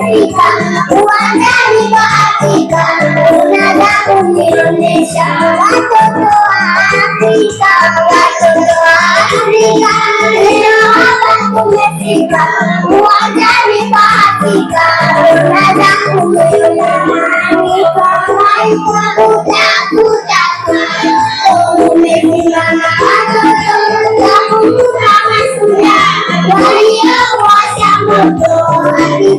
umefika uwanjani kwa Afrika, unaza kunionyesha watoto wa Afrika, watoto wa Afrika, leo hapa umefika uwanjani kwa Afrika, unaza kunionyesha Oh,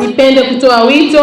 Nipende kutoa wito,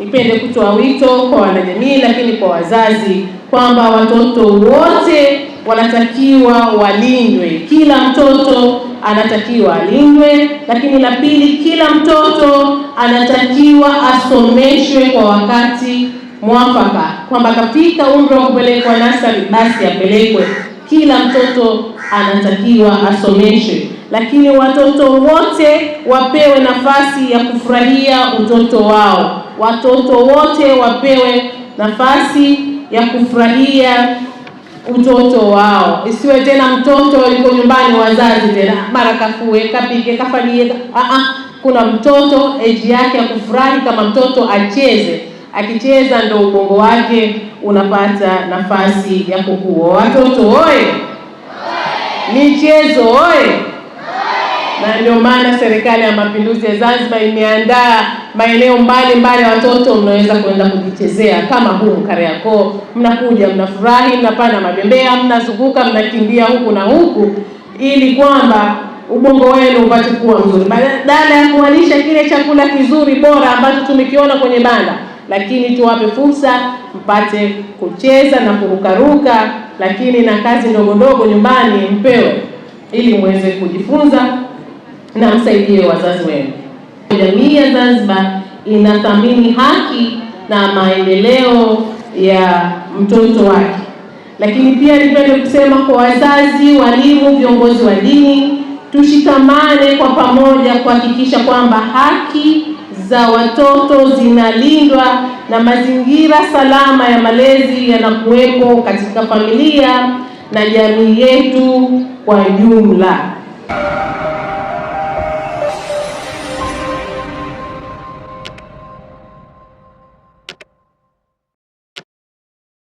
nipende kutoa wito kwa wanajamii, lakini kwa wazazi kwamba watoto wote wanatakiwa walindwe. Kila mtoto anatakiwa alindwe, lakini la pili, kila mtoto anatakiwa asomeshwe kwa wakati mwafaka, kwamba katika umri wa kupelekwa nasari basi apelekwe. Kila mtoto anatakiwa asomeshwe lakini watoto wote wapewe nafasi ya kufurahia utoto wao. Watoto wote wapewe nafasi ya kufurahia utoto wao, isiwe tena mtoto yuko nyumbani, wazazi tena ah, mara kafue kapike Ah, ah, kuna mtoto eji yake ya kufurahi, kama mtoto acheze akicheza ndo ubongo wake unapata nafasi ya kukua. Watoto oye! Michezo oye! Na ndio maana serikali ya mapinduzi ya Zanzibar imeandaa maeneo mbalimbali ya watoto mnaweza kwenda kujichezea kama huu Kariakoo. Mnakuja, mnafurahi, mnapanda mabembea, mnazunguka, mnakimbia huku na huku, ili kwamba ubongo wenu upate kuwa mzuri, badala ya kuwalisha kile chakula kizuri bora ambacho tumekiona kwenye banda, lakini tuwape fursa mpate kucheza na kurukaruka lakini na kazi ndogo ndogo nyumbani mpeo ili muweze kujifunza na msaidie wazazi wenu. Jamii ya Zanzibar inathamini haki na maendeleo ya mtoto wake, lakini pia nipende kusema kwa wazazi, walimu, viongozi wa dini, tushikamane kwa pamoja kuhakikisha kwamba haki za watoto zinalindwa na mazingira salama ya malezi yanakuwepo katika familia na jamii yetu kwa jumla.